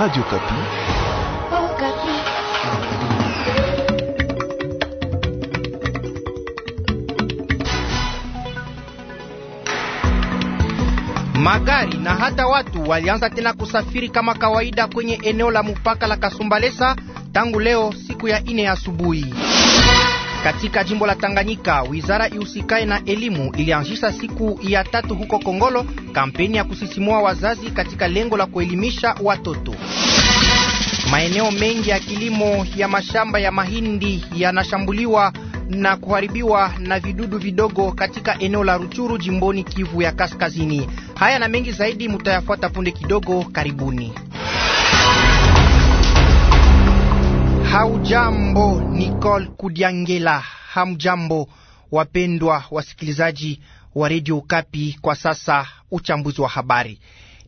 Radio Kapi. Oh, Kapi. Magari na hata watu walianza tena kusafiri kama kawaida kwenye eneo la mpaka la Kasumbalesa tangu leo siku ya ine asubuhi. Katika jimbo la Tanganyika, wizara ihusikaye na elimu ilianzisha siku ya tatu huko Kongolo kampeni ya kusisimua wazazi katika lengo la kuelimisha watoto. Maeneo mengi ya kilimo ya mashamba ya mahindi yanashambuliwa na kuharibiwa na vidudu vidogo katika eneo la Ruchuru jimboni Kivu ya Kaskazini. Haya na mengi zaidi mutayafuata punde kidogo, karibuni. Haujambo, Nicole Kudiangela. Hamjambo, wapendwa wasikilizaji wa redio Kapi. Kwa sasa uchambuzi wa habari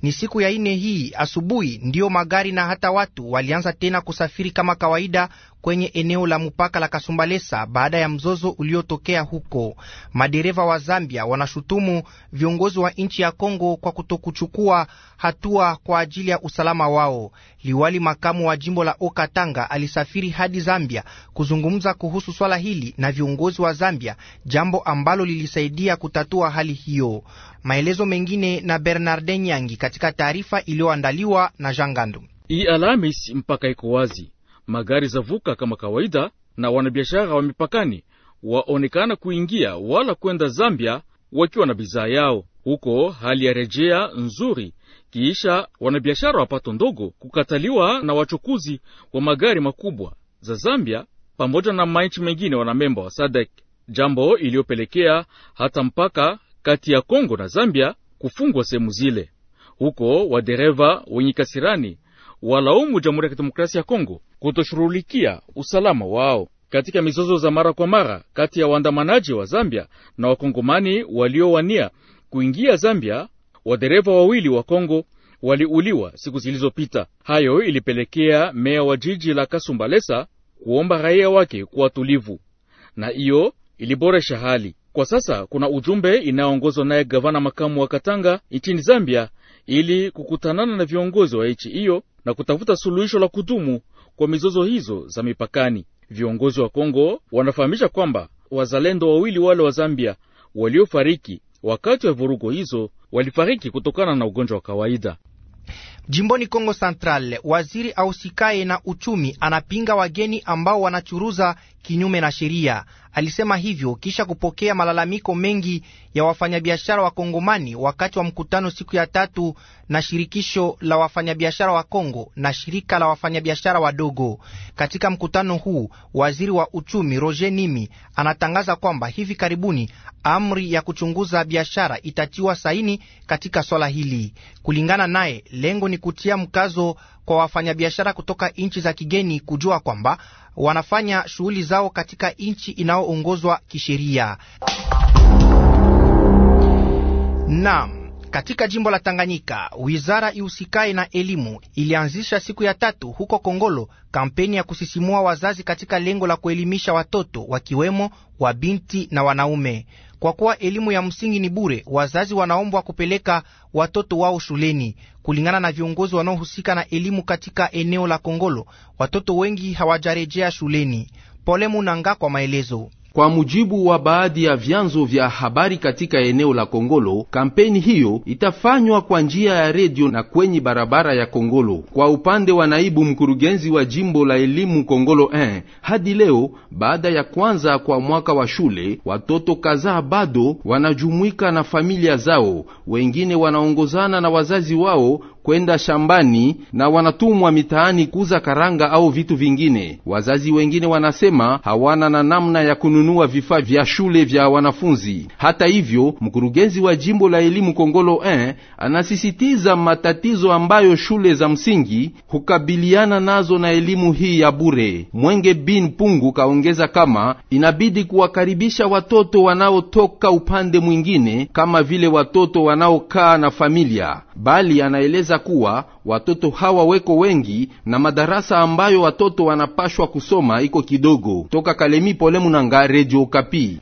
ni siku ya ine hii asubuhi, ndiyo magari na hata watu walianza tena kusafiri kama kawaida kwenye eneo la mpaka la Kasumbalesa baada ya mzozo uliotokea huko. Madereva wa Zambia wanashutumu viongozi wa nchi ya Kongo kwa kutokuchukua hatua kwa ajili ya usalama wao. Liwali makamu wa jimbo la Okatanga alisafiri hadi Zambia kuzungumza kuhusu swala hili na viongozi wa Zambia, jambo ambalo lilisaidia kutatua hali hiyo. Maelezo mengine na Bernarde Nyangi katika taarifa iliyoandaliwa na Jangandu. Hii Alhamis mpaka iko wazi magari za vuka kama kawaida, na wanabiashara wa mipakani waonekana kuingia wala kwenda Zambia wakiwa na bidhaa yao huko. Hali ya rejea nzuri kiisha wanabiashara wa pato ndogo kukataliwa na wachukuzi wa magari makubwa za Zambia pamoja na manchi mengine wanamemba wa sadek jambo iliyopelekea hata mpaka kati ya Kongo na Zambia kufungwa sehemu zile. Huko wadereva wenye kasirani walaumu Jamhuri ya Kidemokrasia ya Kongo kutoshughulikia usalama wao katika mizozo za mara kwa mara kati ya waandamanaji wa Zambia na wakongomani waliowania kuingia Zambia. Wadereva wawili wa Kongo waliuliwa siku zilizopita. Hayo ilipelekea meya wa jiji la Kasumbalesa kuomba raia wake kuwa tulivu, na hiyo iliboresha hali. Kwa sasa kuna ujumbe inayoongozwa naye gavana makamu wa Katanga nchini Zambia ili kukutanana na viongozi wa nchi hiyo na kutafuta suluhisho la kudumu kwa mizozo hizo za mipakani. Viongozi wa Kongo wanafahamisha kwamba wazalendo wawili wale wa Zambia waliofariki wakati wa vurugo hizo walifariki kutokana na ugonjwa wa kawaida. Jimboni Kongo Central, waziri ausikaye na uchumi anapinga wageni ambao wanachuruza kinyume na sheria. Alisema hivyo kisha kupokea malalamiko mengi ya wafanyabiashara wa Kongomani wakati wa mkutano siku ya tatu na shirikisho la wafanyabiashara wa Kongo na shirika la wafanyabiashara wadogo. Katika mkutano huu, waziri wa uchumi Roger Nimi anatangaza kwamba hivi karibuni amri ya kuchunguza biashara itatiwa saini katika swala hili. Kulingana naye, lengo ni kutia mkazo kwa wafanyabiashara kutoka nchi za kigeni kujua kwamba wanafanya shughuli zao katika nchi inayoongozwa kisheria. Naam. Katika jimbo la Tanganyika, wizara ihusikaye na elimu ilianzisha siku ya tatu huko Kongolo kampeni ya kusisimua wazazi katika lengo la kuelimisha watoto wakiwemo wabinti na wanaume. Kwa kuwa elimu ya msingi ni bure, wazazi wanaombwa kupeleka watoto wao shuleni. Kulingana na viongozi wanaohusika na elimu katika eneo la Kongolo, watoto wengi hawajarejea shuleni. Pole Munanga kwa maelezo. Kwa mujibu wa baadhi ya vyanzo vya habari katika eneo la Kongolo, kampeni hiyo itafanywa kwa njia ya redio na kwenye barabara ya Kongolo. Kwa upande wa naibu mkurugenzi wa jimbo la elimu Kongolo 1, hadi leo baada ya kwanza kwa mwaka wa shule, watoto kadhaa bado wanajumuika na familia zao, wengine wanaongozana na wazazi wao kwenda shambani na wanatumwa mitaani kuuza karanga au vitu vingine. Wazazi wengine wanasema hawana na namna ya kununua vifaa vya shule vya wanafunzi. Hata hivyo, mkurugenzi wa jimbo la elimu Kongolo 1 anasisitiza matatizo ambayo shule za msingi hukabiliana nazo na elimu hii ya bure. Mwenge bin Pungu kaongeza kama inabidi kuwakaribisha watoto wanaotoka upande mwingine kama vile watoto wanaokaa na familia bali anaeleza kuwa watoto hawa weko wengi na madarasa ambayo watoto wanapashwa kusoma iko kidogo. Toka Kalemi, Pole Munanga, Redio Kapi.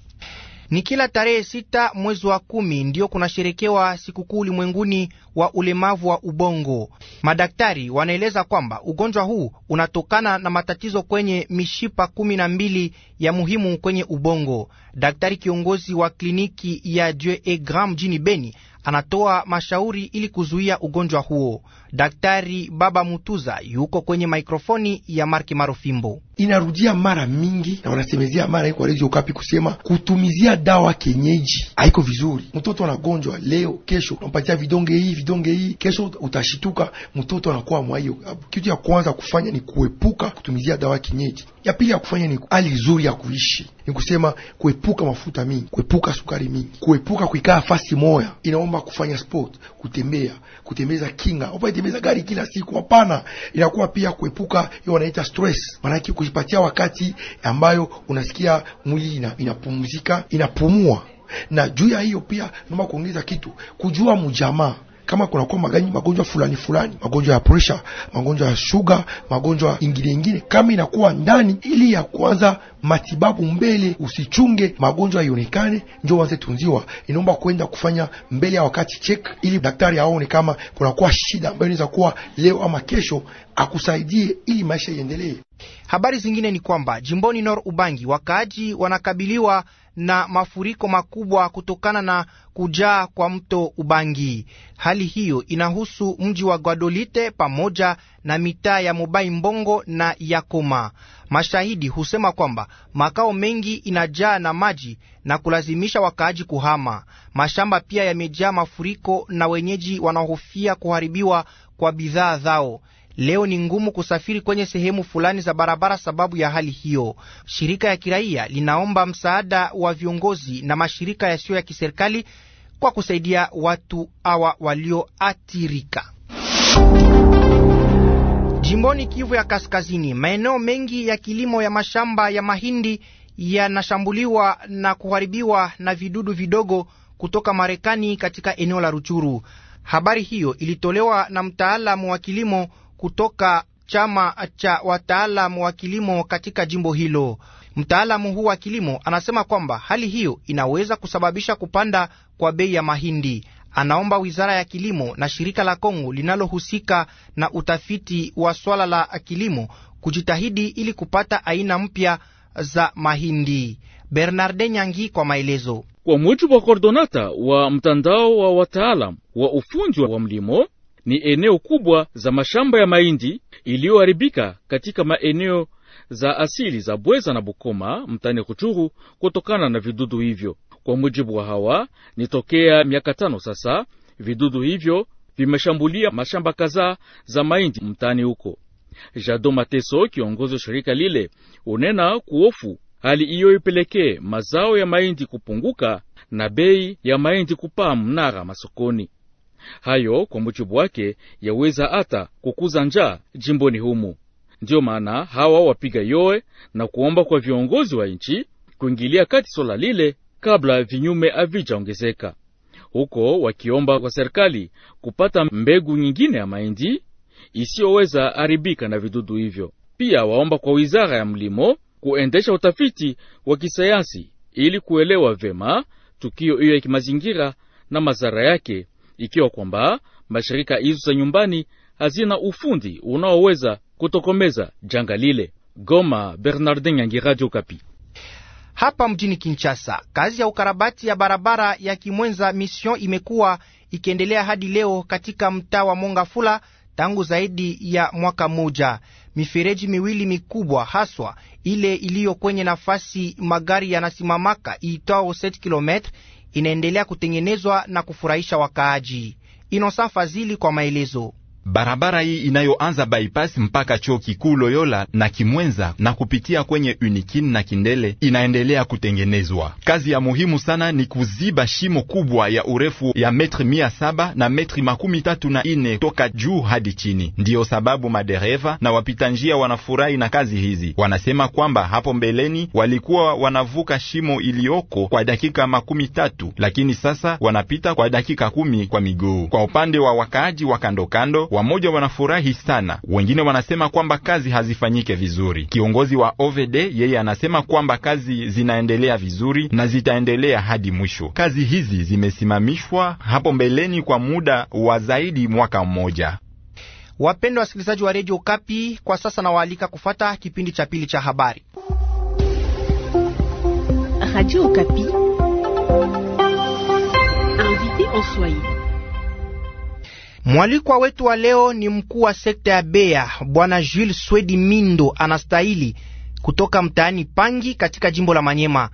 Ni kila tarehe sita mwezi wa kumi ndiyo kunasherekewa sikukuu ulimwenguni wa ulemavu wa ubongo. Madaktari wanaeleza kwamba ugonjwa huu unatokana na matatizo kwenye mishipa kumi na mbili ya muhimu kwenye ubongo. Daktari kiongozi wa kliniki ya Dieu et Grand mjini Beni anatoa mashauri ili kuzuia ugonjwa huo. Daktari Baba Mutuza yuko kwenye maikrofoni ya Marki Marofimbo. Inarudia mara mingi na wanasemezia mara iko Radio Okapi kusema kutumizia dawa kienyeji haiko vizuri. Mtoto anagonjwa leo, kesho unampatia vidonge hii vidonge hii, kesho utashituka mtoto anakuwa mwa Kitu ya kwanza kufanya ni kuepuka kutumizia dawa kienyeji. Ya pili ya kufanya ni hali nzuri ya kuishi, ni kusema kuepuka mafuta mingi, kuepuka sukari mingi, kuepuka kuikaa fasi moya. Inaomba kufanya sport, kutembea, kutembeza kinga, kutembeza gari kila siku, hapana. Inakuwa pia kuepuka hiyo wanaita stress, maanake kujipatia wakati ambayo unasikia mwili inapumzika, inapumua na juu ya hiyo pia naomba kuongeza kitu, kujua mjamaa kama kunakuwa magani magonjwa fulani fulani, magonjwa ya presha, magonjwa ya shuga, magonjwa ingine ingine, kama inakuwa ndani, ili ya kwanza matibabu mbele, usichunge magonjwa ionekane ndio wanze tunziwa. Inaomba kwenda kufanya mbele ya wakati check, ili daktari aone kama kunakuwa shida ambayo inaweza kuwa leo ama kesho, akusaidie ili maisha iendelee. Habari zingine ni kwamba jimboni Nor Ubangi wakaaji wanakabiliwa na mafuriko makubwa kutokana na kujaa kwa mto Ubangi. Hali hiyo inahusu mji wa Guadolite pamoja na mitaa ya Mobai Mbongo na Yakoma. Mashahidi husema kwamba makao mengi inajaa na maji na kulazimisha wakaaji kuhama. Mashamba pia yamejaa mafuriko na wenyeji wanahofia kuharibiwa kwa bidhaa zao. Leo ni ngumu kusafiri kwenye sehemu fulani za barabara sababu ya hali hiyo. Shirika ya kiraia linaomba msaada wa viongozi na mashirika yasiyo ya kiserikali kwa kusaidia watu hawa walioathirika. Jimboni Kivu ya Kaskazini, maeneo mengi ya kilimo ya mashamba ya mahindi yanashambuliwa na kuharibiwa na vidudu vidogo kutoka Marekani katika eneo la Ruchuru. Habari hiyo ilitolewa na mtaalamu wa kilimo kutoka chama cha wataalamu wa kilimo katika jimbo hilo. Mtaalamu huu wa kilimo anasema kwamba hali hiyo inaweza kusababisha kupanda kwa bei ya mahindi. Anaomba wizara ya kilimo na shirika la Kongo linalohusika na utafiti wa swala la kilimo kujitahidi ili kupata aina mpya za mahindi. Bernarde Nyangi kwa maelezo. Kwa mujibu wa kordonata wa mtandao wa wataalam wa ufunjwa wa mlimo ni eneo kubwa za mashamba ya mahindi iliyoharibika katika maeneo za asili za Bweza na Bukoma mtani Ruchuru kutokana na vidudu hivyo. Kwa mujibu wa hawa, ni tokea miaka tano sasa vidudu hivyo vimeshambulia mashamba kadhaa za mahindi mtani huko. Jado Mateso, kiongozi wa shirika lile, unena kuofu hali iyo ipelekee mazao ya mahindi kupunguka na bei ya mahindi kupaa mnara masokoni. Hayo kwa mujibu wake yaweza hata kukuza njaa jimboni humu. Ndiyo maana hawa wapiga yoe na kuomba kwa viongozi wa nchi kuingilia kati swala lile kabla vinyume havijaongezeka, huko wakiomba kwa serikali kupata mbegu nyingine ya mahindi isiyoweza haribika na vidudu hivyo. Pia waomba kwa wizara ya mlimo kuendesha utafiti wa kisayansi ili kuelewa vema tukio hiyo ya kimazingira na madhara yake ikiwa kwamba mashirika hizo za nyumbani hazina ufundi unaoweza kutokomeza janga lile. Goma, Bernardin Nyangi, Radio Kapi. Hapa mjini Kinshasa, kazi ya ukarabati ya barabara ya Kimwenza Mission imekuwa ikiendelea hadi leo katika mtaa wa Mongafula tangu zaidi ya mwaka mmoja. Mifereji miwili mikubwa haswa ile iliyo kwenye nafasi magari yanasimamaka iitwao 7 km inaendelea kutengenezwa na kufurahisha wakaaji. Inosa Fazili kwa maelezo. Barabara hii inayoanza bypass mpaka chuo kikuu Loyola na Kimwenza na kupitia kwenye Unikin na Kindele inaendelea kutengenezwa. Kazi ya muhimu sana ni kuziba shimo kubwa ya urefu ya metri mia saba na metri makumi tatu na ine toka juu hadi chini. Ndiyo sababu madereva na wapita njia wanafurahi na kazi hizi. Wanasema kwamba hapo mbeleni walikuwa wanavuka shimo iliyoko kwa dakika makumi tatu, lakini sasa wanapita kwa dakika kumi kwa miguu. Kwa upande wa wakaaji wa kandokando Wamoja wanafurahi sana, wengine wanasema kwamba kazi hazifanyike vizuri. Kiongozi wa OVD yeye anasema kwamba kazi zinaendelea vizuri na zitaendelea hadi mwisho. Kazi hizi zimesimamishwa hapo mbeleni kwa muda wa zaidi mwaka mmoja. Wapendwa wasikilizaji wa redio Kapi, kwa sasa nawaalika kufata kipindi cha pili cha habari Radio Kapi. Mwalikwa wetu wa leo ni mkuu wa sekta ya Bea, Bwana Jules Swedi Mindo anastahili kutoka mtaani Pangi katika jimbo la Manyema.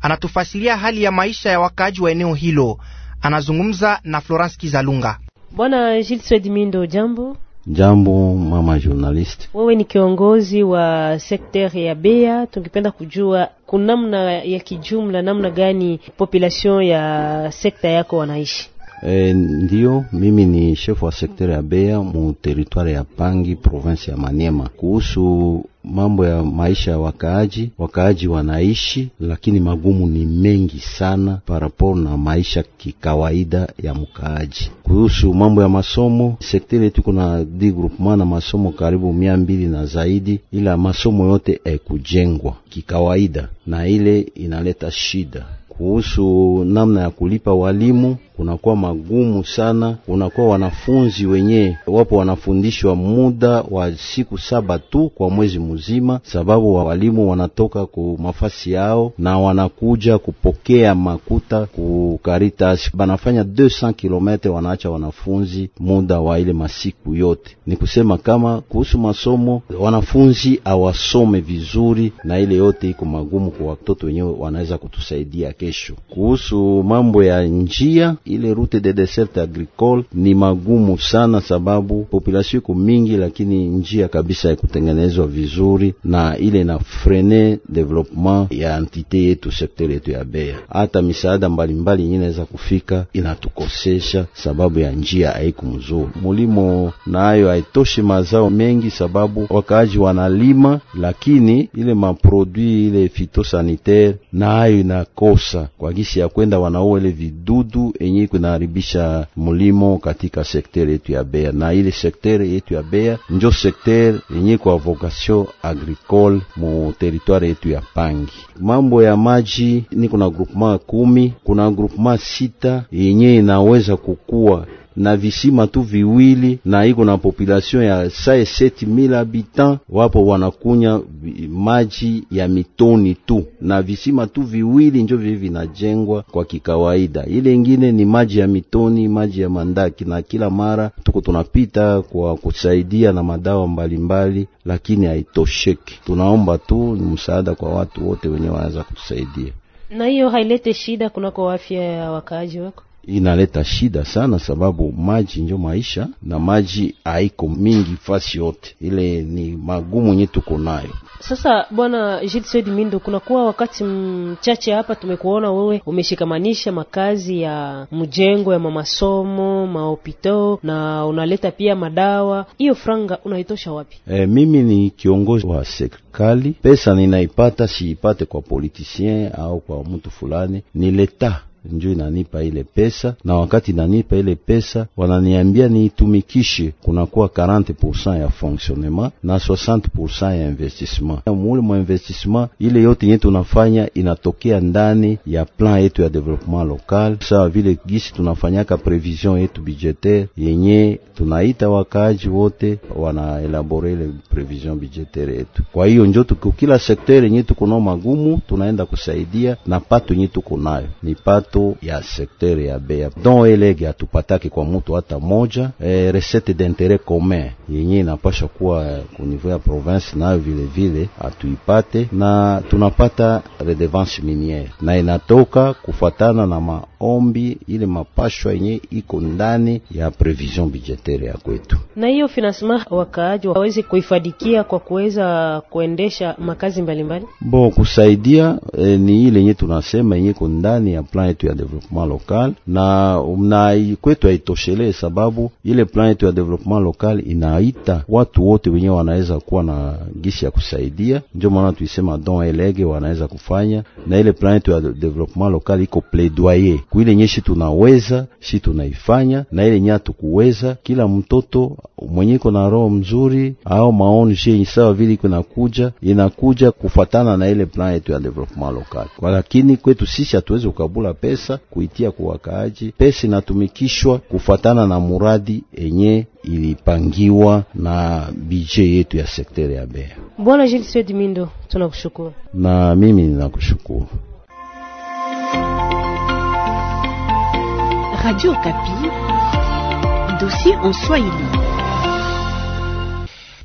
Anatufasiria hali ya maisha ya wakaaji wa eneo hilo. Anazungumza na Florence Kizalunga. Bwana Jules Swedi Mindo, jambo. Jambo mama journalist, wewe ni kiongozi wa sekter ya Bea. Tungependa kujua kunamna ya kijumla, namna gani population ya sekta yako wanaishi? E, eh, ndiyo mimi ni chef wa sekteri ya Beya mu teritwari ya Pangi province ya Maniema. Kuhusu mambo ya maisha ya wakaaji, wakaaji wanaishi lakini magumu ni mengi sana parapo na maisha kikawaida ya mkaaji. Kuhusu mambo ya masomo, sekteri yetu kuna di groupement na masomo karibu mia mbili na zaidi, ila masomo yote ekujengwa kikawaida na ile inaleta shida kuhusu namna ya kulipa walimu kunakuwa magumu sana. Kunakuwa wanafunzi wenye wapo wanafundishwa muda wa siku saba tu kwa mwezi mzima, sababu wa walimu wanatoka ku mafasi yao na wanakuja kupokea makuta ku Caritas, banafanya 200 km, wanaacha wanafunzi muda wa ile masiku yote. Ni kusema kama kuhusu masomo wanafunzi awasome vizuri, na ile yote iko magumu kwa watoto wenyewe, wanaweza kutusaidia kesho. Kuhusu mambo ya njia, ile route de desert agricole ni magumu sana, sababu population iko mingi, lakini njia kabisa ya kutengenezwa vizuri, na ile na frene development ya entite yetu, sekter yetu ya Beya. Hata misaada mbalimbali yenye inaweza kufika inatukosesha, sababu ya njia haiku mzuri. Mulimo nayo haitoshi mazao mengi, sababu wakaaji wanalima, lakini ile maprodui ile fitosanitaire nayo inakosa kabisa kwa gisi ya kwenda wanaua ile vidudu enye kunaharibisha mulimo katika sekter yetu ya Bea, na ile sekter yetu ya Bea njo sekter yenye kwa vocation agricole mu territoire yetu ya Pangi. Mambo ya maji ni kuna groupement kumi, kuna groupement sita yenye inaweza kukua na visima tu viwili na iko na population ya sae seti mila habitants, wapo wanakunya maji ya mitoni tu, na visima tu viwili njo vivi vinajengwa kwa kikawaida. Ile ingine ni maji ya mitoni, maji ya mandaki, na kila mara tuko tunapita kwa kusaidia na madawa mbalimbali mbali, lakini haitosheki. Tunaomba tu ni msaada kwa watu wote wenye wanaweza kutusaidia, na hiyo hailete shida kunako afya ya wakaaji wako inaleta shida sana, sababu maji njo maisha na maji haiko mingi fasi yote, ile ni magumu nye tuko nayo sasa. Bwana Gilsed Mindo, kunakuwa wakati mchache hapa tumekuona wewe umeshikamanisha makazi ya mjengo ya mamasomo maopito na unaleta pia madawa. Hiyo franga unaitosha wapi? E, mimi ni kiongozi wa serikali, pesa ninaipata siipate kwa politisien au kwa mtu fulani, ni leta njo inanipa ile pesa, na wakati inanipa ile pesa wananiambia niitumikishe, kunakuwa 40% ya fonctionnement na 60% ya investissement. Mule mwa investissement ile yote yenye tunafanya inatokea ndani ya plan yetu ya development local, sawa vile gisi tunafanyaka prevision yetu budgetaire yenye tunaita wakaaji wote wanaelabore ile prevision budgetaire yetu. Kwa hiyo njo tuko kila sekteur yenye tuko nao magumu, tunaenda kusaidia na pato yenye tuko nayo ni pato gato ya sekteri ya bea don elege atupatake kwa mutu hata moja. E, eh, resete d'intere commun yenye inapasha kuwa ku eh, niveau ya province nayo vilevile atuipate na tunapata redevance miniere na inatoka kufatana na maombi ile mapashwa yenye iko ndani ya prevision budgetaire ya kwetu, na hiyo financement wakaaji waweze kuifadikia kwa kuweza kuendesha makazi mbalimbali mbali. Bo kusaidia e, ni ile yenye tunasema yenye iko ndani ya plan yetu ya development local, na mna kwetu haitoshele, sababu ile plan yetu ya development local inaita watu wote wenye wanaweza kuwa na gisi ya kusaidia. Ndio maana tuisema don elege wanaweza kufanya na ile plan yetu ya development local iko plaidoyer kuile ile nyeshi, tunaweza shi tunaifanya, na ile nyatu kuweza kila mtoto mwenye iko na roho mzuri au maoni je sawa vile iko nakuja inakuja kufatana na ile plan yetu ya development local, lakini kwetu sisi hatuwezi kukabula pesa pesa kuitia kwa wakaaji. Pesa inatumikishwa kufatana na muradi enye ilipangiwa na bije yetu ya sekteri ya Bea. Bwana Jules Edmindo, tunakushukuru. Na mimi ninakushukuru. Radio Kapi, dossier en Swahili.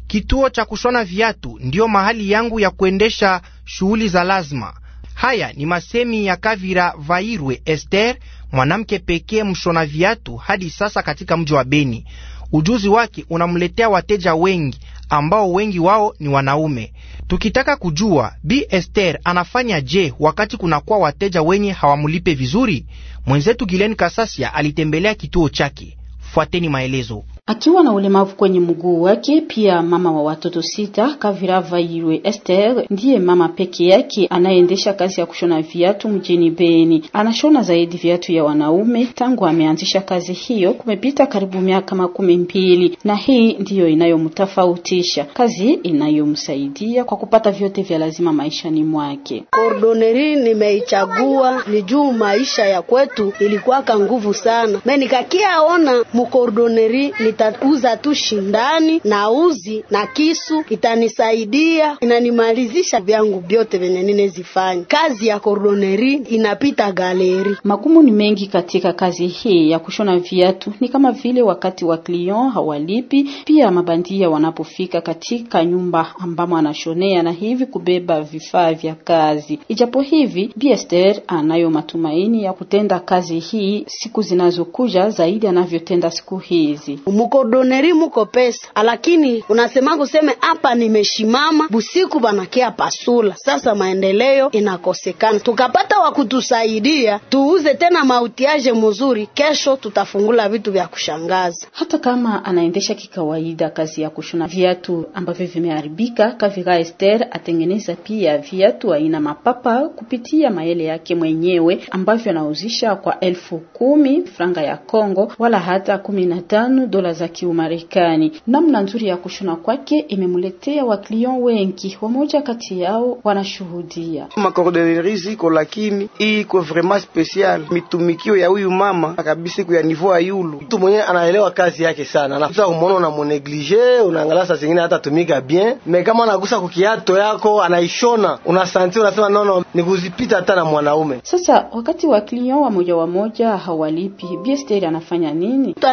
Kituo cha kushona viatu ndiyo mahali yangu ya kuendesha shughuli za lazima. Haya ni masemi ya Kavira Vairwe Esther, mwanamke pekee mshona viatu hadi sasa katika mji wa Beni. Ujuzi wake unamletea wateja wengi ambao wengi wao ni wanaume. Tukitaka kujua Bi Esther anafanya je wakati kunakuwa wateja wenye hawamulipe vizuri? Mwenzetu Gilen Kasasia alitembelea kituo chake. Fuateni maelezo. Akiwa na ulemavu kwenye mguu wake, pia mama wa watoto sita, Kavira Yirwe Esther ndiye mama peke yake anayeendesha kazi ya kushona viatu mjini Beni. Anashona zaidi viatu ya wanaume. Tangu ameanzisha kazi hiyo kumepita karibu miaka makumi mbili, na hii ndiyo inayomtofautisha, kazi inayomsaidia kwa kupata vyote vya lazima maishani mwake. Kordoneri nimeichagua ni juu maisha ya kwetu ilikuwaka nguvu sana, me nikakiaona mukordoneri nitauza tu shindani na uzi na kisu, itanisaidia inanimalizisha vyangu vyote vyenye ninezifanya. Kazi ya kordoneri inapita galeri. Magumu ni mengi katika kazi hii ya kushona viatu, ni kama vile wakati wa client hawalipi, pia mabandia wanapofika katika nyumba ambamo anashonea na hivi kubeba vifaa vya kazi. Ijapo hivi Biester anayo matumaini ya kutenda kazi hii siku zinazokuja zaidi anavyotenda siku hizi bukodoneri muko pesa, lakini unasema kuseme hapa nimeshimama busiku banakea pasula. Sasa maendeleo inakosekana, tukapata wakutusaidia tuuze tena mautiaje muzuri, kesho tutafungula vitu vya kushangaza. Hata kama anaendesha kikawaida kazi ya kushona viatu ambavyo vimeharibika, Kavira Esther atengeneza pia viatu aina mapapa kupitia maele yake mwenyewe ambavyo anauzisha kwa elfu kumi franga ya Kongo wala hata kumi na tano dola za Kiumarekani. Namna nzuri ya kushona kwake imemletea waklion wengi, wamoja kati yao wanashuhudia makordeleri ziko, lakini hii iko vraiment special mitumikio ya huyu mama kabisa kwa niveau ya yulu. Mtu mwenyewe anaelewa kazi yake sana, na sasa umeona unamoneglige, unaangalia saa zingine hata tumika bien me kama anagusa kukiato yako anaishona, unasanti unasema nono, kuzipita hata na mwanaume. Sasa wakati wa moja wamoja wamoja hawalipi, Biester anafanya nini? Mtu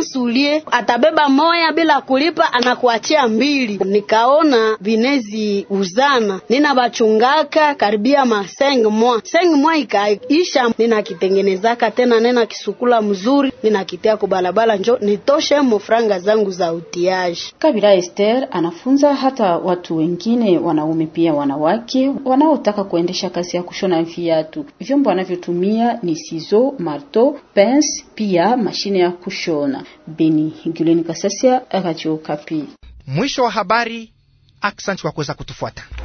msulie atabeba moya bila kulipa, anakuachia mbili. Nikaona vinezi uzana, bachungaka karibia maseng mwa seng mwa ikaisha, ninakitengenezaka tena, nena kisukula mzuri, ninakitia kubalabala, njo nitoshe mofranga zangu za utiaji. Kabila Esther anafunza hata watu wengine, wanaume pia wanawake, wanaotaka kuendesha kazi ya kushona viatu. Vyombo anavyotumia ni sizo, marto, pens, pia mashine ya kushona. Beni, Gulen kasasia Radio Kapi. Mwisho wa habari. Aksanti kwa kuweza kutufuata.